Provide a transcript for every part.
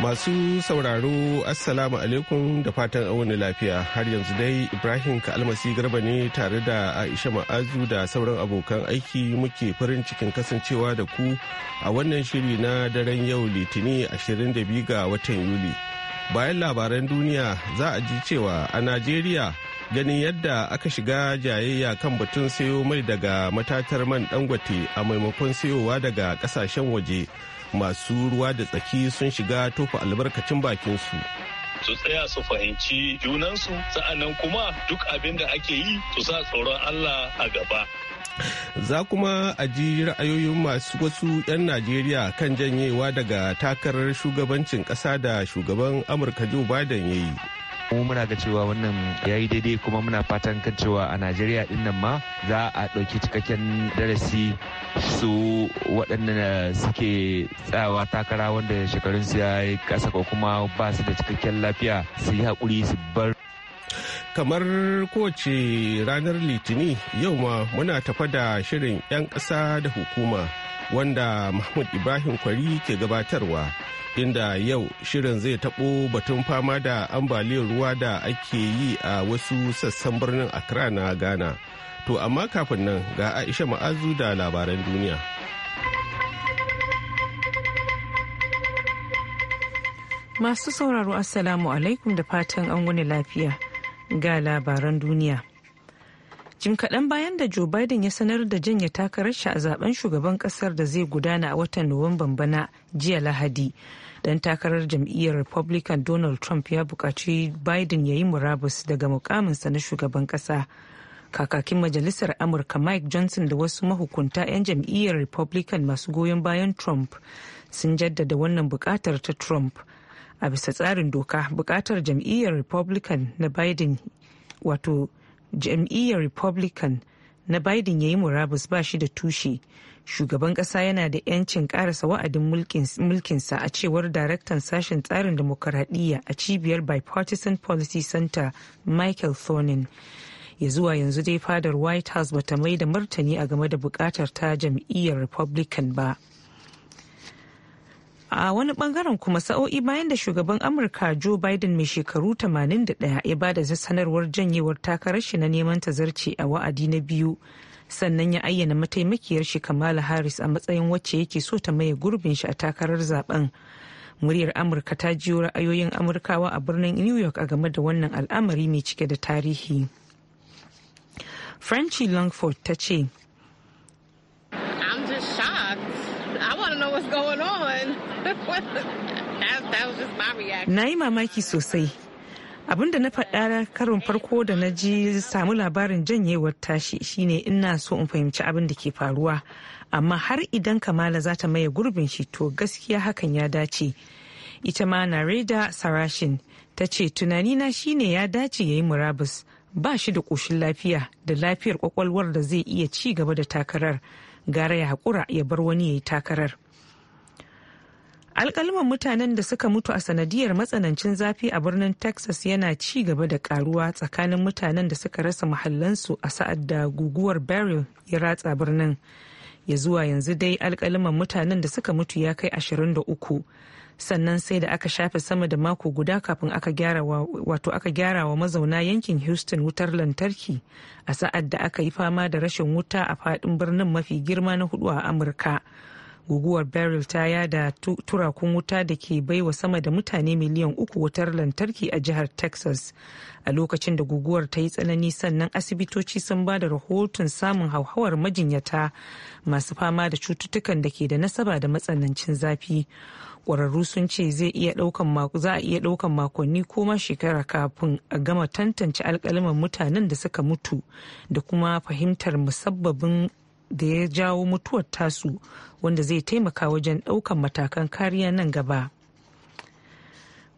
Masu sauraro Assalamu alaikum da fatan wani lafiya har yanzu dai Ibrahim Kalmasi Garba ne tare da Aisha Ma'azu da sauran abokan aiki muke farin cikin kasancewa da ku a wannan shiri na daren yau Litini 22 ga watan Yuli. Bayan labaran duniya za a ji cewa a Najeriya ganin yadda aka shiga jayayya kan batun sayo mai daga matatar man dangote a maimakon sayowa daga kasashen waje masu ruwa da tsaki sun shiga tofa albarkacin bakinsu. su tsaya su fahimci junansu sa'annan kuma duk abin da ake yi su sa tsoron Allah a gaba. Za kuma a ji ra'ayoyin masu wasu 'yan Najeriya kan janyewa daga takarar shugabancin ƙasa da shugaban Amurka Joe Biden ya yi. mu muna ga cewa wannan yayi daidai kuma muna fatan kan cewa a najeriya din nan ma za a ɗauki cikakken darasi su waɗanda suke tsayawa takara wanda shekarunsu ya yi ƙasa ko kuma ba su da cikakken lafiya su yi haƙuri su bar kamar kowace ranar litini yau ma muna tafa da shirin 'yan ƙasa da hukuma wanda mahmud ibrahim kwari ke gabatarwa inda yau shirin zai taɓo batun fama da ambaliyar ruwa da ake yi a wasu sassan birnin Accra na Ghana. To amma kafin nan ga Aisha Ma'azu da labaran duniya. Masu sauraro Assalamu alaikum da fatan an wani lafiya ga labaran duniya. jim kaɗan bayan da joe biden ya sanar da janye takarar shi a zaben shugaban ƙasar da zai gudana a watan nuwamban bana jiya lahadi dan takarar jam'iyyar republican donald trump ya buƙaci biden ya yi murabus daga mukaminsa na shugaban ƙasa kakakin majalisar amurka mike johnson da wasu mahukunta 'yan jam'iyyar republican masu goyon bayan trump sun jaddada wannan bukatar ta trump a bisa tsarin doka bukatar jam'iyyar republican na biden wato jam'iyyar republican na biden ya yi murabus ba shi da tushe shugaban kasa yana da 'yancin karasa wa'adin mulkinsa a cewar daraktan sashen tsarin demokaradiyya a cibiyar bipartisan policy center michael thornin ya zuwa yanzu dai fadar white house bata mai da martani a game da bukatar ta jam'iyyar republican ba. a wani bangaren kuma sa'o'i bayan da shugaban amurka joe biden mai shekaru 81 ya bada sanarwar janyewar takarar shi na neman tazarci a wa'adi na biyu sannan ya ayyana mataimakiyar shi kamala harris a matsayin wacce yake so ta maye gurbin shi a takarar zaben muryar amurka ta jiyo ra'ayoyin amurkawa a birnin new york a game da wannan al'amari mai cike da tarihi Frenchy longford ta ce I'm just shocked. I want to know what's going on. Na yi mamaki sosai. abinda na faɗa karin farko da na ji samu labarin janyewar tashi shine ina so in fahimci abin da ke faruwa. Amma har idan Kamala za ta maye gurbin shi to gaskiya hakan ya dace. Ita ma na raida Sarashin ta ce tunanina shine ya dace ya yi murabus ba shi da ƙoshin lafiya da lafiyar kwakwalwar da zai iya ci gaba da takarar. gara ya haƙura ya bar wani ya yi takarar. alkalman mutanen da suka mutu a sanadiyar matsanancin zafi a birnin texas yana ci gaba da karuwa tsakanin mutanen da suka rasa mahallansu a sa'ad da guguwar beryl ya ratsa birnin ya zuwa yanzu dai alkaliman mutanen da suka mutu ya kai 23 sannan sai da aka shafe sama da mako guda kafin aka gyara aka gyara wa mazauna yankin houston wutar lantarki a sa'ad da aka yi fama da rashin wuta a faɗin birnin mafi girma na hudu a amurka guguwar beryl ta yada turakun wuta da ke baiwa sama da mutane miliyan uku wutar lantarki a jihar texas a lokacin da guguwar ta yi tsanani sannan asibitoci sun ba da rahoton samun hauhawar majinyata masu fama da cututtukan da ke da nasaba da matsanancin zafi ƙwararru sun ce za a iya ɗaukan makonni ko ma shekara kafin a gama tantance alkalaman mutanen da suka mutu da kuma fahimtar musabbabin da ya jawo mutuwar tasu wanda zai taimaka wajen ɗaukan matakan kariya nan gaba.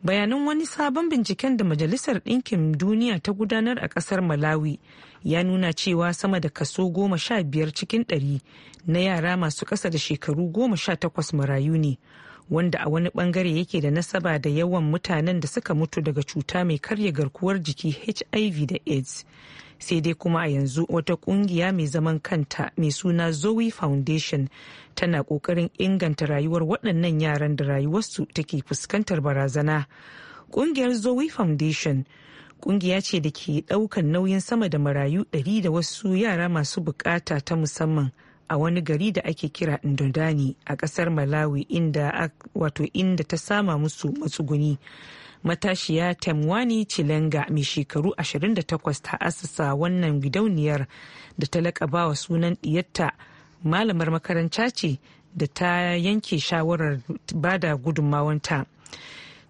bayanan wani sabon binciken da majalisar ɗinkin duniya ta gudanar a ƙasar malawi ya nuna cewa sama da kaso goma sha biyar cikin ɗari na yara masu ƙasa da shekaru goma sha takwas marayu ne wanda a wani ɓangare yake da nasaba da yawan mutanen da suka mutu daga cuta mai karya garkuwar jiki hiv da aids sai dai kuma a yanzu wata kungiya mai zaman kanta mai suna zoe foundation tana kokarin inganta rayuwar waɗannan yaran da rayuwarsu take fuskantar barazana kungiyar zoe foundation kungiya ce da ke ɗaukan nauyin sama da marayu ɗari da wasu yara masu bukata ta musamman a wani gari da ake kira indodani a ƙasar malawi inda wato inda ta sama musu matsuguni matashiya tamwani chilenga mai shekaru 28 ta asasa wannan gidauniyar da ta lakaba wa sunan diyatta malamar makaranta ce da ta yanke shawarar bada gudunmawanta.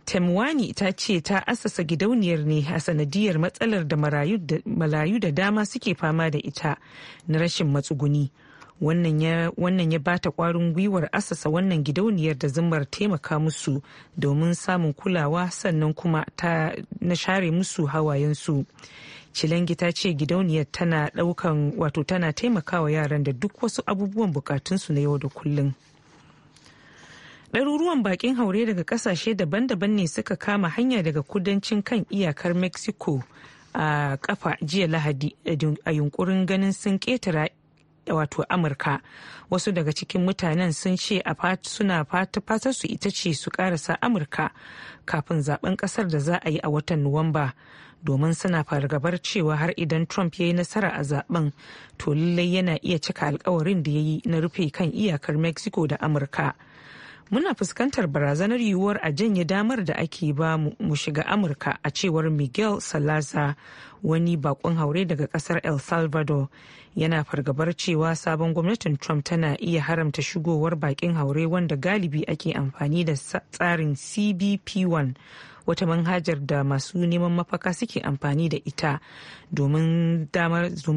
Temwani ta ce ta asasa gidauniyar ne a sanadiyar matsalar da marayu da dama suke fama da ita na rashin matsuguni wannan ya ba ta kwarin gwiwar asasa wannan gidauniyar da zimmar taimaka musu domin samun kulawa sannan kuma ta na share musu hawayensu chilangi ta ce gidauniyar tana daukan wato tana taimakawa yaran da duk wasu abubuwan bukatunsu na yau da kullum ɗaruruwan bakin haure daga kasashe daban-daban ne suka kama hanya daga kudancin kan iyakar mexico a kafa jiya lahadi a yunkurin ganin sun ketara wato amurka wasu daga cikin mutanen sun ce suna fatar su ita ce su karasa amurka kafin zaben kasar da za a yi a watan nuwamba domin suna fargabar cewa har idan trump ya yi nasara a zaben to lallai yana iya cika alkawarin da ya yi na rufe kan iyakar mexico da amurka muna fuskantar barazanar yiwuwar a janye damar da ake ba mu shiga amurka a cewar miguel salazar wani bakon haure daga kasar el salvador yana fargabar cewa sabon gwamnatin trump tana iya haramta shigowar bakin haure wanda galibi ake amfani da tsarin cbp 1 wata manhajar da masu neman mafaka suke amfani da ita domin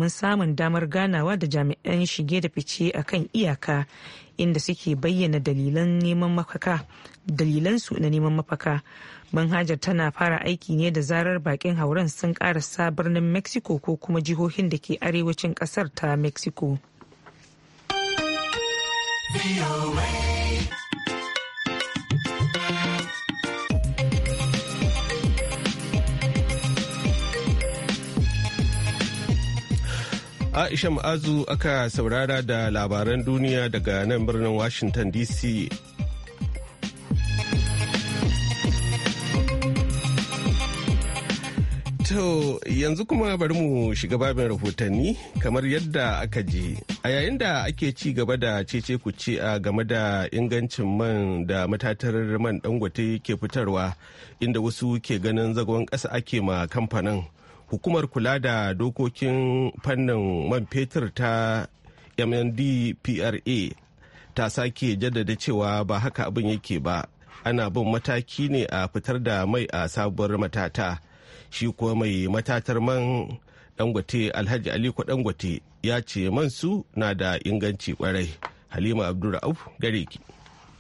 samun damar ganawa da jami'an shige da fice a kan iyaka inda suke bayyana dalilan neman mafaka dalilansu na neman mafaka manhajar tana fara aiki ne da zarar bakin hauren sun karasa birnin mexico ko kuma jihohin da ke arewacin kasar ta mexico. Aisha Ma'azu aka saurara da labaran duniya daga nan birnin Washington DC. To yanzu kuma bari mu shiga babin rahotanni kamar yadda aka je A yayin da ake ci gaba da cece ce a game da ingancin man da matatar man dangote ke fitarwa inda wasu ke ganin zagon ƙasa ake ma kamfanin. hukumar kula da dokokin fannin man fetur ta mndpra ta sake jaddada cewa ba haka abin yake ba ana bin mataki ne a fitar da mai a sabuwar matata shi kuwa mai matatar man dangote alhaji aliko dangote ya ce man su na da inganci kwarai halima abdulra'uf gare ki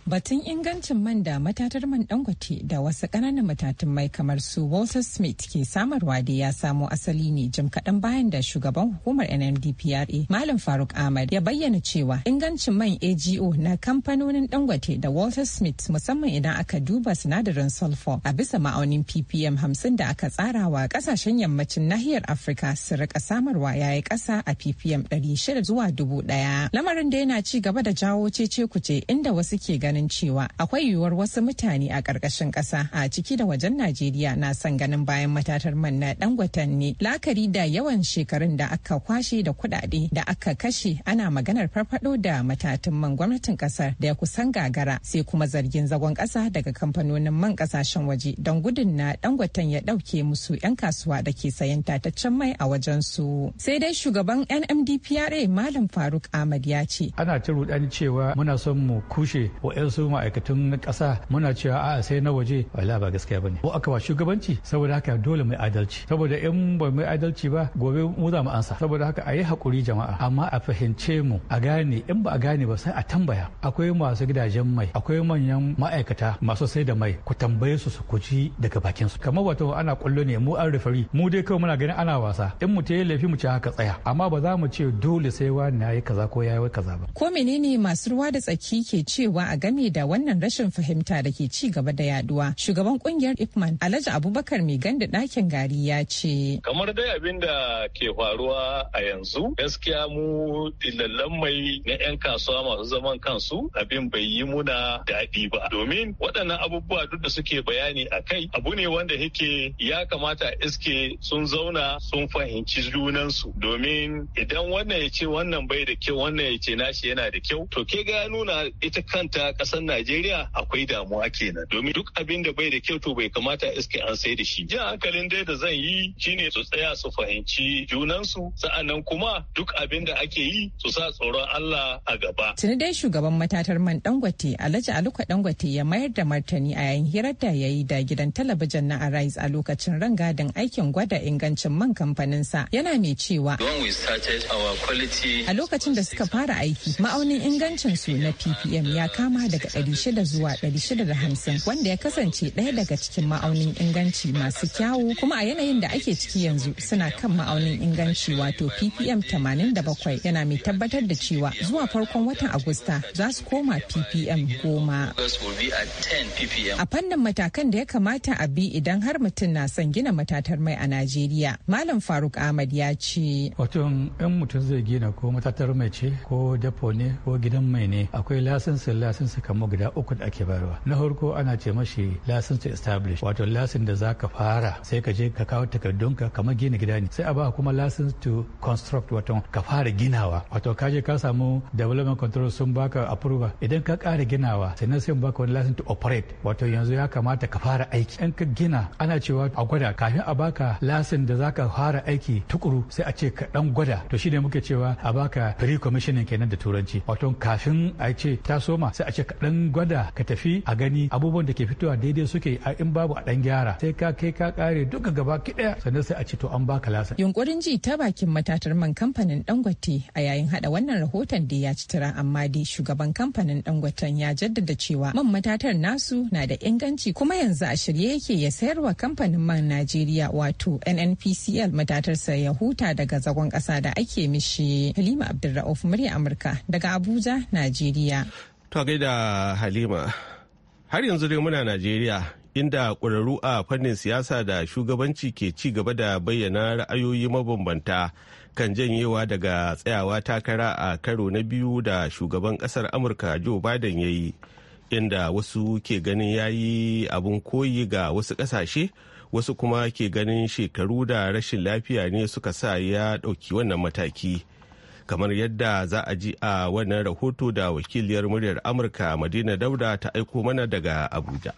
batun ingancin man da matatar man dangote da wasu ƙananan matatun mai kamar su walter smith ke samarwa da ya samo asali ne jim kaɗan bayan da shugaban hukumar NMDPRA malam faruk ahmad ya bayyana cewa ingancin man ago na kamfanonin dangote da walter smith musamman idan aka duba sinadarin sulfur a bisa ma'aunin ppm hamsin da aka tsara wa ƙasashen yammacin nahiyar afirka su rika samarwa yayi ƙasa a ppm 600 zuwa 1000 lamarin da yana ci gaba da jawo cece kuce inda wasu ke ganin ganin cewa akwai yiwuwar wasu mutane a ƙarƙashin ƙasa a ciki da wajen Najeriya na son ganin bayan matatar man na ɗan watanni la'akari da yawan shekarun da aka kwashe da kuɗaɗe da aka kashe ana maganar farfaɗo da matatun man gwamnatin ƙasar da ya kusan gagara sai kuma zargin zagon ƙasa daga kamfanonin man ƙasashen waje don gudun na ɗangwatan ya ɗauke musu 'yan kasuwa da ke sayan tataccen mai a wajen su. Sai dai shugaban NMDPRA Malam Faruk Ahmad ya ce. Ana ta cewa muna son mu kushe wa waɗansu ma'aikatan na ƙasa muna cewa a'a sai na waje wala ba gaskiya bane ko aka ba shugabanci saboda haka dole mai adalci saboda in ba mai adalci ba gobe mu za mu ansa saboda haka a yi hakuri jama'a amma a fahimce mu a gane in ba a gane ba sai a tambaya akwai masu gidajen mai akwai manyan ma'aikata masu sai da mai ku tambaye su su kuci daga bakin su kamar wato ana kullo ne mu an rufari mu dai kawai muna ganin ana wasa in mu ta yi laifi mu ci haka tsaya amma ba za mu ce dole sai wani yi kaza ko yi kaza ba ko menene masu ruwa da tsaki ke cewa a gani game da wannan rashin fahimta da ke ci gaba da yaduwa shugaban kungiyar ipman alhaji abubakar mai ganda ɗakin gari ya ce kamar dai abin da ke faruwa a yanzu gaskiya mu dillallan mai na 'yan kasuwa masu zaman kansu abin bai yi muna daɗi ba domin waɗannan abubuwa duk da suke bayani a kai abu ne wanda yake ya kamata iske sun zauna sun fahimci junansu domin idan wannan ya ce wannan bai da kyau wannan ya ce nashi yana da kyau to ke ga nuna ita kanta kasar Najeriya akwai damuwa kenan domin duk abin da bai da kyau to bai kamata iske an sai da shi. jin hankalin dai da zan yi shine su tsaya su fahimci junansu sa'annan kuma duk abin da ake yi su sa tsoron Allah a gaba. Tuni dai shugaban matatar man Dangote Alhaji Aliko Dangote ya mayar da martani a yayin hirar da yayi da gidan talabijin na Arise a lokacin rangadin aikin gwada ingancin man kamfaninsa yana mai cewa. A lokacin da suka fara aiki ma'aunin ingancin su na PPM ya kama da daga 600 zuwa 650 wanda ya kasance ɗaya daga cikin ma'aunin inganci masu kyawu kuma a yanayin da ake ciki yanzu suna kan ma'aunin inganci wato ppm 87 yana mai tabbatar da cewa zuwa farkon watan agusta za su koma ppm 10 a fannin matakan da ya kamata a bi idan har mutum na son gina matatar mai a najeriya malam faruk ahmad ya ce wato ɗan mutum zai gina ko matatar mai ce ko depo ne ko gidan mai ne akwai lasinsin lasinsin kama guda uku da ake bayarwa na farko ana ce mashi lasin to establish wato lasin da za ka fara sai ka je ka kawo ka kamar gina gida ne sai a ba kuma lasin to construct wato ka fara ginawa wato ka je ka samu development control sun baka approval idan ka kara ginawa sannan sai baka wani lasin to operate wato yanzu ya kamata ka fara aiki in ka gina ana cewa a gwada kafin a baka lasin da za ka fara aiki tukuru sai a ce ka dan gwada to shi shine muke cewa a baka pre commissioning kenan da turanci wato kafin a ce ta soma sai a ce ka gwada ka tafi a gani abubuwan da ke fitowa daidai suke a in babu a ɗan gyara sai ka kai ka kare duka gaba kiɗaya sannan sai a ce to an baka lasa. Yunkurin ji ta bakin matatar man kamfanin Dangote a yayin hada wannan rahoton da ya ci tara amma dai shugaban kamfanin Dangoten ya jaddada cewa man matatar nasu na da inganci kuma yanzu a shirye yake ya sayarwa kamfanin man Najeriya wato NNPCL matatar sa ya huta daga zagon ƙasa da ake mishi. Halima Abdulra'uf murya Amurka daga Abuja, Najeriya. ka gaida Halima. Har yanzu dai muna Najeriya inda ƙwararru a fannin siyasa da shugabanci ke ci gaba da bayyana ra'ayoyi mabambanta kan janyewa daga tsayawa takara a karo na biyu da shugaban ƙasar Amurka Joe Biden ya yi. Inda wasu ke ganin ya yi abin koyi ga wasu ƙasashe, wasu kuma ke ganin shekaru da rashin lafiya ne suka sa ya ɗauki wannan mataki. kamar yadda za a ji a wannan rahoto da wakiliyar muryar amurka madina dauda ta aiko mana daga abuja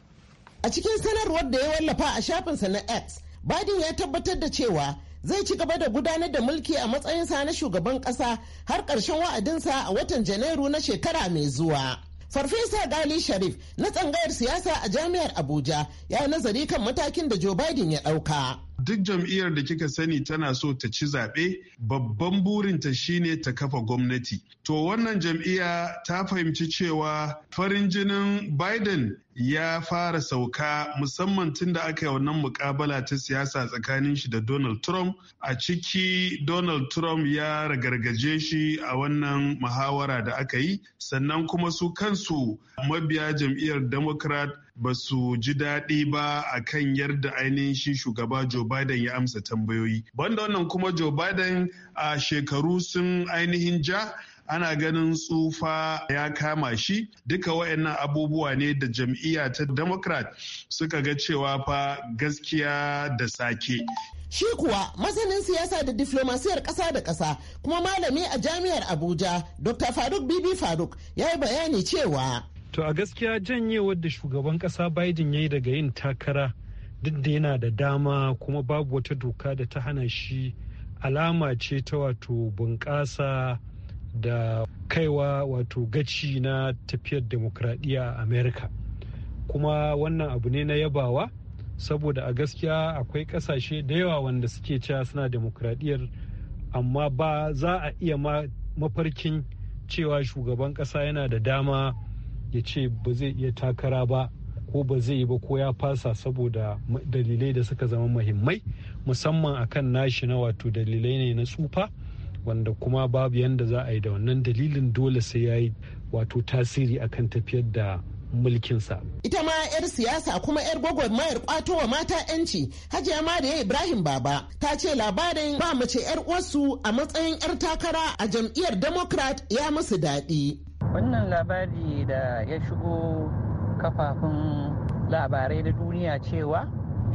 a cikin sanarwar da ya wallafa a shafinsa na x biden ya tabbatar da cewa zai ci gaba da gudanar da mulki a matsayinsa na shugaban kasa har ƙarshen wa'adinsa a watan janairu na shekara mai zuwa Farfesa Gali Sharif na tsangayar siyasa a jami'ar Abuja ya nazari kan matakin da Joe Biden ya ɗauka. duk jam'iyyar da kika sani tana so ta ci zaɓe babban burinta shine ta kafa gwamnati to wannan jam'iyya ta fahimci cewa farin jinin biden ya fara sauka musamman tun da aka yi wannan mukabala ta siyasa tsakanin shi da Donald Trump a ciki Donald Trump ya ragargaje shi a wannan muhawara da aka yi sannan kuma su kansu mabiya jam'iyyar Democrat ba su ji daɗi ba a kan yarda ainihin shi shugaba Joe Biden ya amsa tambayoyi. Banda wannan kuma Joe Biden a shekaru sun ainihin ja ana ganin tsufa ya kama shi duka wayannan abubuwa ne da jam'iyya ta democrat suka ga cewa fa gaskiya da sake Shi kuwa masanin siyasa da diflomasiyar ƙasa da ƙasa kuma malami a jami'ar Abuja Dr. Faruk Bibi Faruk ya yi bayani cewa. To a gaskiya janyewar da shugaban kasa Biden ya yi daga yin takara duk da yana da dama kuma babu wata doka da ta hana shi alama ce ta wato bunƙasa da kaiwa wato gaci na tafiyar demokradiyya a Amerika. Kuma wannan abu ne na yabawa saboda a gaskiya akwai kasashe da yawa wanda suke cewa suna demokradiyyar amma ba za a iya mafarkin cewa shugaban kasa yana da dama ya ce ba zai iya takara ba ko ba zai yi ba ko ya fasa saboda dalilai da suka zama mahimmai musamman akan nashi na wato dalilai ne na tsufa wanda kuma babu yadda za a yi da wannan dalilin dole sai ya yi wato tasiri akan tafiyar da mulkinsa. Ita ma 'yar siyasa kuma 'yar gwagwarmayar kwato wa mata 'yanci Hajiya ya Ibrahim Baba ta ce labarin ba mace 'yar uwarsu a matsayin 'yar takara a jam'iyyar Democrat ya musu daɗi. Wannan labari da ya shigo kafafun labarai na duniya cewa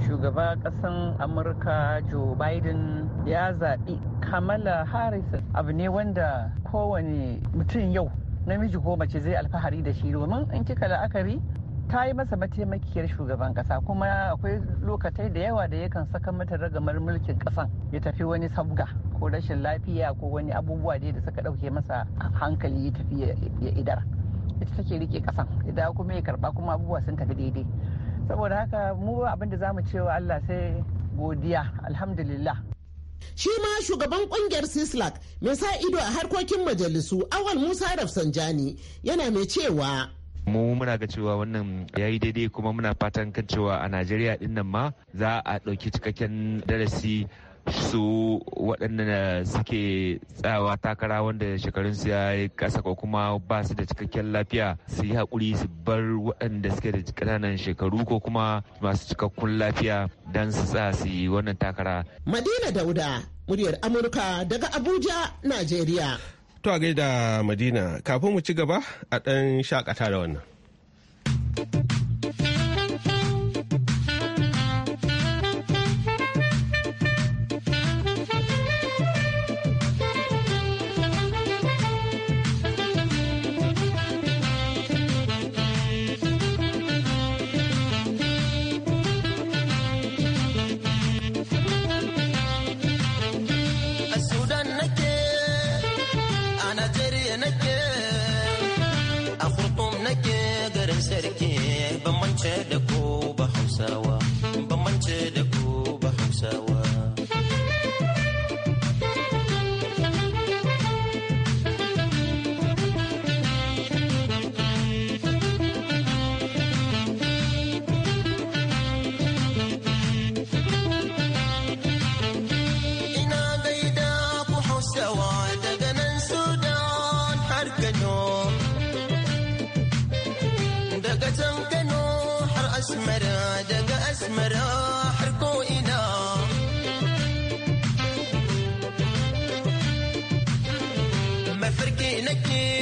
shugaban kasan amurka joe biden ya zaɓi kamala harris abu ne wanda kowane mutum yau namiji ko mace zai alfahari da shi domin in kika la'akari ta yi masa mataimakiyar shugaban kasa kuma akwai lokatai da yawa da yakan saka mata ragamar mulkin kasan ya tafi wani sabga ko rashin lafiya ko wani abubuwa dai da suka ɗauke masa hankali ya tafi ya idar ita take rike kasan idan kuma ya karba kuma abubuwa sun tafi daidai saboda haka mu abin da zamu cewa Allah sai godiya alhamdulillah Shi ma shugaban kungiyar Sislak mai sa ido a harkokin majalisu Awal Musa Rafsanjani yana mai cewa mu muna ga cewa wannan ya yi daidai kuma muna fatan kan cewa a najeriya din nan ma za a ɗauki cikakken darasi su waɗanda suke tsawa takara wanda shekarunsu ya yi ƙasa ko kuma ba su da cikakken lafiya su yi haƙuri su bar waɗanda suke da ƙananan shekaru ko kuma masu cikakkun lafiya don su tsaya su yi wannan takara. Madina Dauda, muryar Amurka daga Abuja, Najeriya. To a gaida Madina, kafin mu ci gaba a ɗan shakata da wannan. take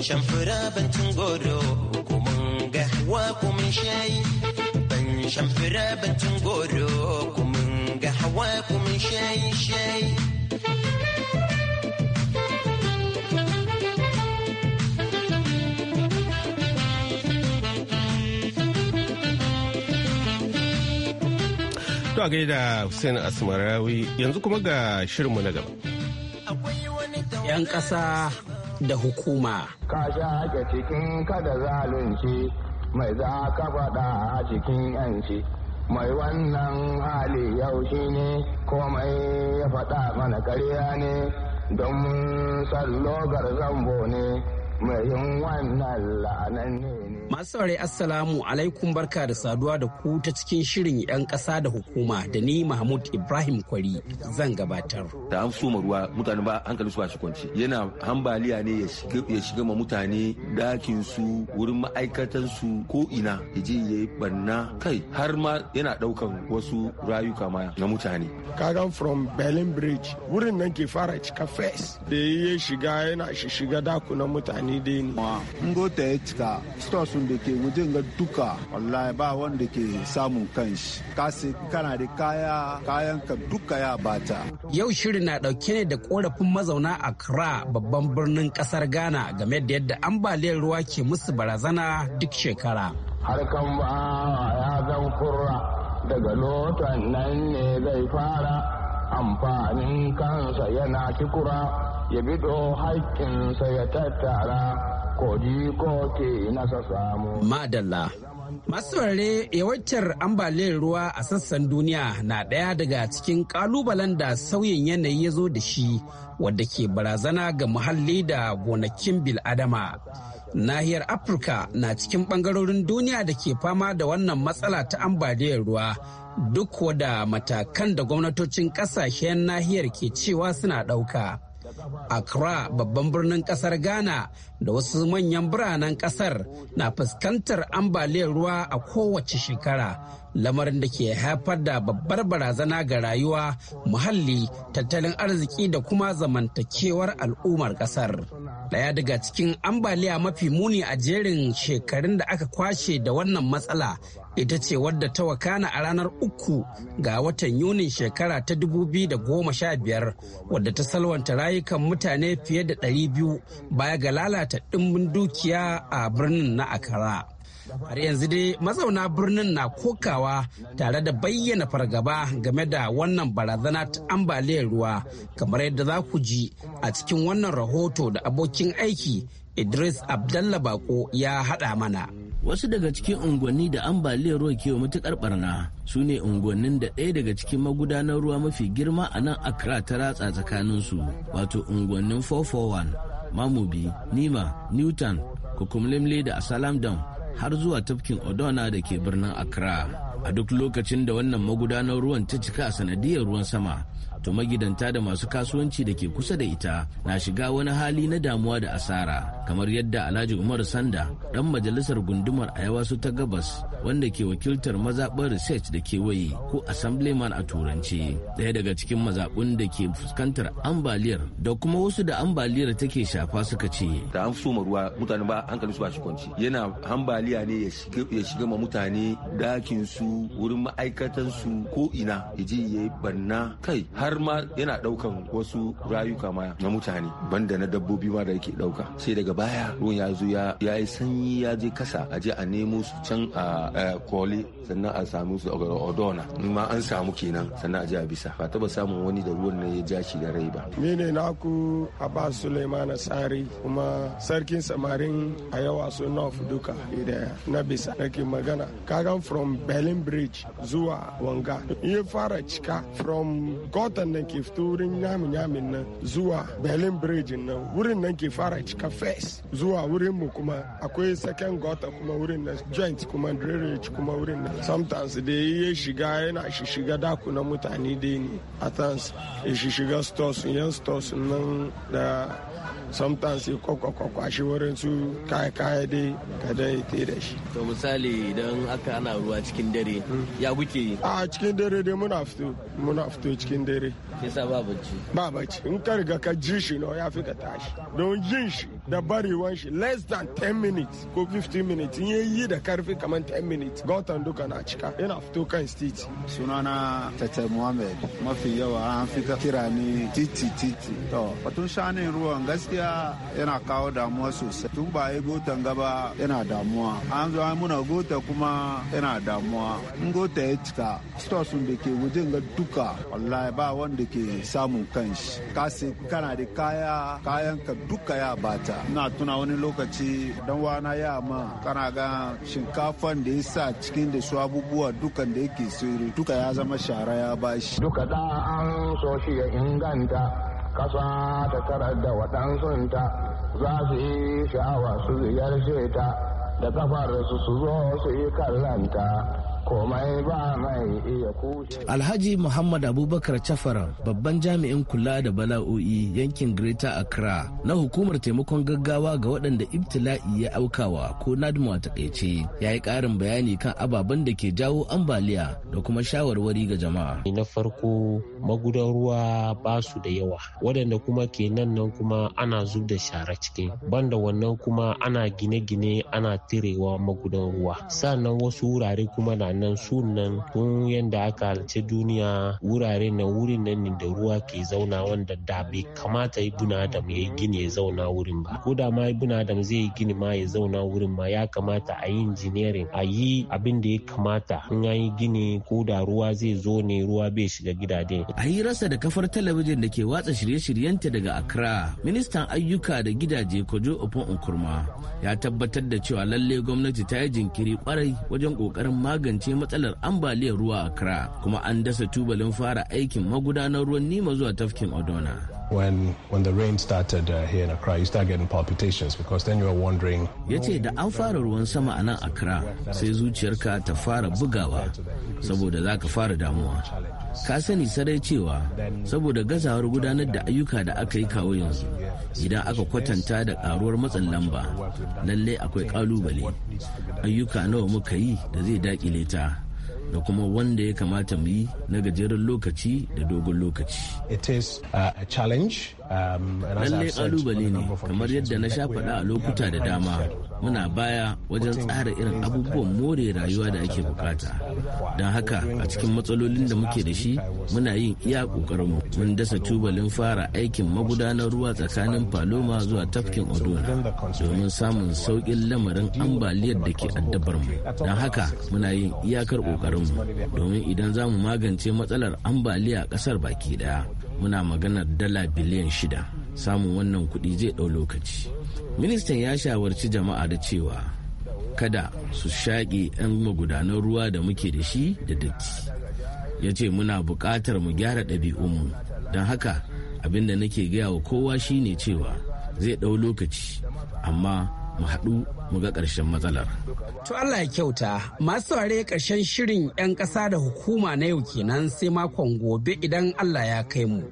Ban shan fura bantun goro ko mun ga hawa ko mun shayi ban shan fura bantun goro ko mun ga hawa ko mun shayi shayi To a gaida Hussein Asmarawi yanzu kuma ga shirinmu na gaba. 'Yan ƙasa da hukuma. Ka sha ake cikin kada zalunci mai za ka faɗa a cikin yanci. Mai wannan hali yau ne komai ya faɗa mana karya ne don mun logar zambo ne mai yin wannan la'anan ne. Masu saurari Assalamu alaikum barka da saduwa da ku ta cikin shirin 'yan ƙasa da hukuma da ni Mahmud Ibrahim Kwari zan gabatar. Da an soma ruwa mutane ba hankali su kwanci yana hambaliya ne ya shiga ma mutane dakin wurin ma'aikatansu su ko ina ya je ya barna kai har ma yana ɗaukan wasu rayuka ma na mutane. Kagan from Berlin Bridge wurin nan ke fara cika fes da ya shiga yana shiga dakunan mutane dai ne. Ngo ta ya cika mutum da ke wajen ga duka wallahi ba wanda ke samun kanshi kasi kana da kaya kayan ka duka ya bata yau shirin na dauke ne da korafin mazauna a kra babban birnin kasar Ghana game da yadda ambaliyar ruwa ke musu barazana duk shekara harkan ba ya zan kurra daga lotan nan ne zai fara amfanin kansa yana kikura ya bido haƙƙinsa ya tattara Madalla. Masu saurare yawaitar ambaliyar ruwa a sassan duniya na ɗaya daga cikin ƙalubalen da sauyin yanayi ya zo da shi wadda ke barazana ga muhalli da gonakin bil'adama. Nahiyar Afirka na cikin ɓangarorin duniya da ke fama da wannan matsala ta ambaliyar ruwa duk wada matakan da gwamnatocin ƙasashen nahiyar ke cewa suna ɗauka. Accra babban birnin kasar Ghana da wasu manyan biranen kasar na fuskantar ambaliyar ruwa a kowace shekara lamarin da ke haifar da babbar barazana ga rayuwa muhalli tattalin arziki da kuma zamantakewar al'ummar kasar. Daya daga cikin ambaliya mafi muni a jerin shekarun da aka kwashe da wannan matsala ita ce wadda ta wakana a ranar uku ga watan yunin shekara ta 2015 wadda ta salwanta rayukan mutane fiye da 200 baya ga lalata ɗimbin dukiya a birnin na akara har yanzu dai mazauna birnin na kokawa tare da bayyana fargaba game da wannan barazana ta ambaliyar ruwa kamar yadda za ku ji a cikin wannan rahoto da abokin aiki idris abdallah bako ya haɗa mana wasu daga cikin unguwanni da ambaliyar ruwa ke matukar barna su ne unguwannin da ɗaya daga cikin magudanar ruwa mafi girma a nan akra ta ratsa tsakanin su wato unguwannin 441 mamubi nima newton kukumlimle da asalamdam har zuwa tafkin odona da ke birnin accra a duk lokacin da wannan magudanar ruwan ta cika a sanadiyar ruwan sama to magidanta da masu kasuwanci da ke kusa da ita na shiga wani hali na damuwa da asara kamar yadda alhaji umar sanda dan majalisar gundumar ayawasu ta gabas wanda ke wakiltar mazaɓar research da kewaye ko assemblyman a turanci ɗaya daga cikin mazaɓun da ke fuskantar ambaliyar da kuma wasu da ambaliyar take shafa suka ce da an soma ruwa mutane ba hankalin su ba shi yana ambaliya ne ya shiga ma mutane dakin su wurin ma'aikatan su ko ina ya je ya barna kai har har ma yana daukan wasu rayuka ma na mutane banda na dabbobi ma da yake dauka sai daga baya ruwan ya zo ya yi sanyi ya je kasa a je a nemo su can a koli sannan a samu su a odona ma an samu kenan sannan a je a bisa ba taba samun wani da ruwan na ya ja shi da rai ba ni ne naku abbas suleimana tsari kuma sarkin samarin a yawa su north duka ida na bisa nake magana kagan from berlin bridge zuwa wanga in fara cika from gota matan nan ke fito wurin yamin yamin nan zuwa berlin bridge nan wurin nan ke fara cika fes zuwa wurin mu kuma akwai second gota kuma wurin nan joint kuma drainage kuma wurin nan sometimes da ya shiga yana shi shiga daku na mutane dai ne a times shi shiga stores yan stores nan da sometimes sai shi wurin su kaya-kaya dai ka dai te da shi to misali idan aka ana ruwa cikin dare ya guke yi a cikin dare dai muna fito muna fito cikin dare Kisa ba bacci ba bacci in ka riga ka ji shi ya fi ka tashi don yin shi da barewan shi less than 10 minutes ko 15 minutes in yi da karfi kamar 10 minutes gotan duka na cika yana fito kan suna sunana tete muhammed mafi yawa an fi ka kira ni titi titi to batun shanin ruwan gaskiya yana kawo damuwa sosai tun ba yi gotan gaba yana damuwa an zo an muna gota kuma yana damuwa in gota ya cika stores da ke wajen ga duka wallahi ba wanda ke samun kanshi kasi kana da kaya kayan ka duka ya bata ina tuna wani lokaci dan wana ya ma kana ga shinkafan da ya sa cikin da su abubuwa dukan da yake siri duka ya zama shara ya bashi duka da an so shi ya inganta kasa ta tarar da ta za su yi sha'awa su ziyarce ta da kafar su su zo su yi kallanta komai ba mai iya ku Alhaji Muhammad Abubakar Chafara babban jami'in kula da bala'o'i yankin Greater Accra na hukumar taimakon gaggawa ga waɗanda ibtila'i ya aukawa ko nadmu a takaice ya yi ƙarin bayani kan ababen da ke jawo ambaliya da kuma shawarwari ga jama'a. Na farko magudan ruwa ba su da yawa waɗanda kuma ke nan nan kuma ana zub da shara ciki banda wannan kuma ana gine-gine ana tirewa magudan ruwa sannan wasu wurare kuma na nan sunan tun yadda aka ziyarci duniya wurare na wurin nan da ruwa ke zauna wanda da bai kamata buna adam ya gini ya zauna wurin ba ko da ma buna adam zai gini ma ya zauna wurin ma ya kamata a yi injiniyarin a yi abin da ya kamata in ya yi gini ko da ruwa zai zo ne ruwa bai shiga gidaje. a yi rasa da kafar talabijin da ke watsa shirye-shiryenta daga accra ministan ayyuka da gidaje kojo ofin Nkrumah ya tabbatar da cewa lalle gwamnati ta yi jinkiri kwarai wajen kokarin magance matsalar ambaliyar ruwa a accra kuma an dasa tubalin fara aikin magudanar ruwan nima zuwa tafkin odona when when the rain started uh, here in Accra, you start getting palpitations because then you are wondering. Yace da an fara ruwan sama a nan Accra sai zuciyarka ta fara bugawa saboda za ka fara damuwa. Ka sani sarai cewa saboda gazawar gudanar da ayyuka da aka yi kawo yanzu idan aka kwatanta da karuwar matsin lamba lallai akwai kalubale ayyuka nawa muka yi da zai dakile ta da kuma wanda ya kamata mu yi na gajeren lokaci da dogon lokaci. It is uh, um, lallai kalubale ne kamar yadda na sha faɗa a lokuta da dama muna baya wajen tsara irin abubuwan more rayuwa da ake bukata don haka a cikin matsalolin da muke da shi muna yin iya mu. mun dasa tubalin fara aikin magudanar ruwa tsakanin paloma zuwa tafkin odona domin samun sauƙin lamarin ambaliyar da ke addabar mu don haka muna yin iyakar ƙoƙarin mu domin idan za mu magance matsalar ambaliya a kasar baki daya muna maganar dala biliyan shida samun wannan kuɗi zai ɗau lokaci ministan ya shawarci jama'a da cewa kada su shaƙe 'yan magudanar ruwa da muke da shi da datti ya ce muna buƙatar mu gyara ɗabi'unmu don haka abin da nake gaya wa kowa shine cewa zai ɗau lokaci amma mu haɗu mu ga ƙarshen matsalar. To Allah ya kyauta masu saurare ƙarshen shirin 'yan ƙasa da hukuma na yau kenan sai makon gobe idan Allah ya kai mu.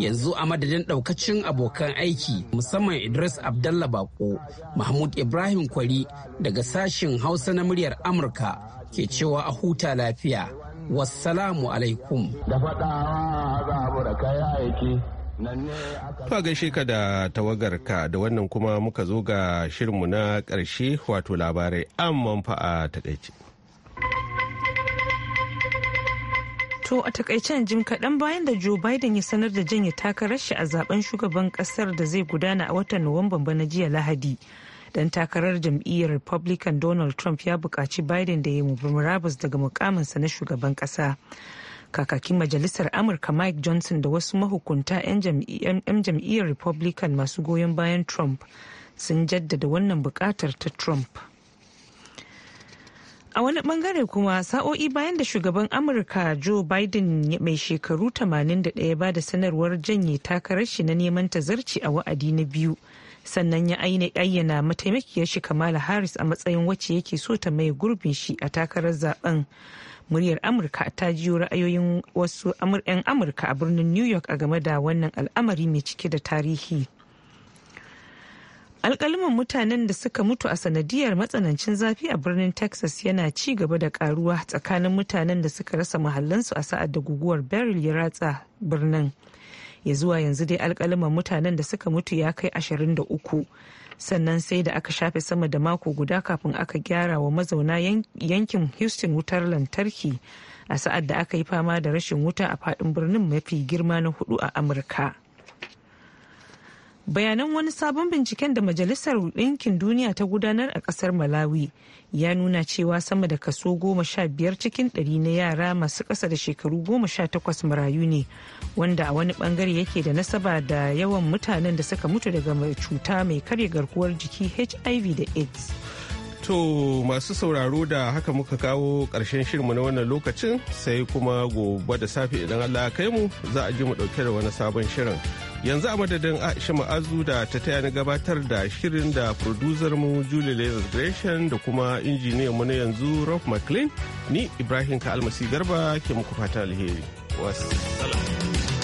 Yanzu a madadin ɗaukacin abokan aiki musamman Idris Abdallah Bako, Mahmud Ibrahim Kwari daga sashen Hausa na muryar Amurka ke cewa a huta lafiya. Wassalamu alaikum. Da faɗawa za da kai aiki. To gaishe ka da tawagarka da wannan kuma muka zo ga shirinmu na ƙarshe wato labarai amman fa a takaice. To a takaicen jim kaɗan bayan da Joe Biden ya sanar da janye takarar shi a zaben shugaban ƙasar da zai gudana a watan Nuwamban bana jiya Lahadi. Dan takarar jam'iyyar Republican Donald Trump ya buƙaci Biden da ya murabus daga mukaminsa na shugaban ƙasa. kakakin majalisar amurka mike johnson da wasu mahukunta 'yan jam'iyyar republican masu goyon bayan trump sun jaddada wannan bukatar ta trump a wani bangare kuma sa'o'i bayan da shugaban amurka joe biden mai shekaru 81 ba da sanarwar janye takarar shi na neman zarci a wa'adi na biyu sannan ya ayyana mataimakiyar shi kamala harris a matsayin wacce yake so ta mai gurbin shi a takarar zaben muryar amurka ta jiyo ra'ayoyin wasu 'yan amurka a birnin new york a game da wannan al'amari mai cike da tarihi alkaliman mutanen da suka mutu a sanadiyar matsanancin zafi a birnin texas yana ci gaba da karuwa tsakanin mutanen da suka rasa mahallansu a sa'ad da guguwar beryl ya ratsa birnin ya zuwa yanzu dai alkaliman mutanen da suka mutu ya kai 23 sannan sai da aka shafe sama da mako guda kafin aka gyara wa mazauna yankin houston wutar lantarki a sa'ad da aka yi fama da rashin wuta a faɗin birnin mafi girma na hudu a amurka bayanan wani sabon binciken da majalisar ɗinkin duniya ta gudanar a ƙasar malawi ya nuna cewa sama da kaso goma sha biyar cikin ɗari na yara masu ƙasa da shekaru goma sha takwas marayu ne wanda a wani ɓangare yake da nasaba da yawan mutanen da suka mutu daga cuta mai karya garkuwar jiki hiv da aids To masu sauraro da haka muka kawo ƙarshen shirinmu na wannan lokacin sai kuma gobe da safe idan Allah ya kai mu za a ji mu ɗauke da wani sabon shirin. yanzu a madadin aisha ma'azu da ta taya na gabatar da shirin da producer mu julie lezard gresham da kuma injiniyan mu na yanzu rob mclean ni ibrahim ka almasi garba ke muku fata alheri wasu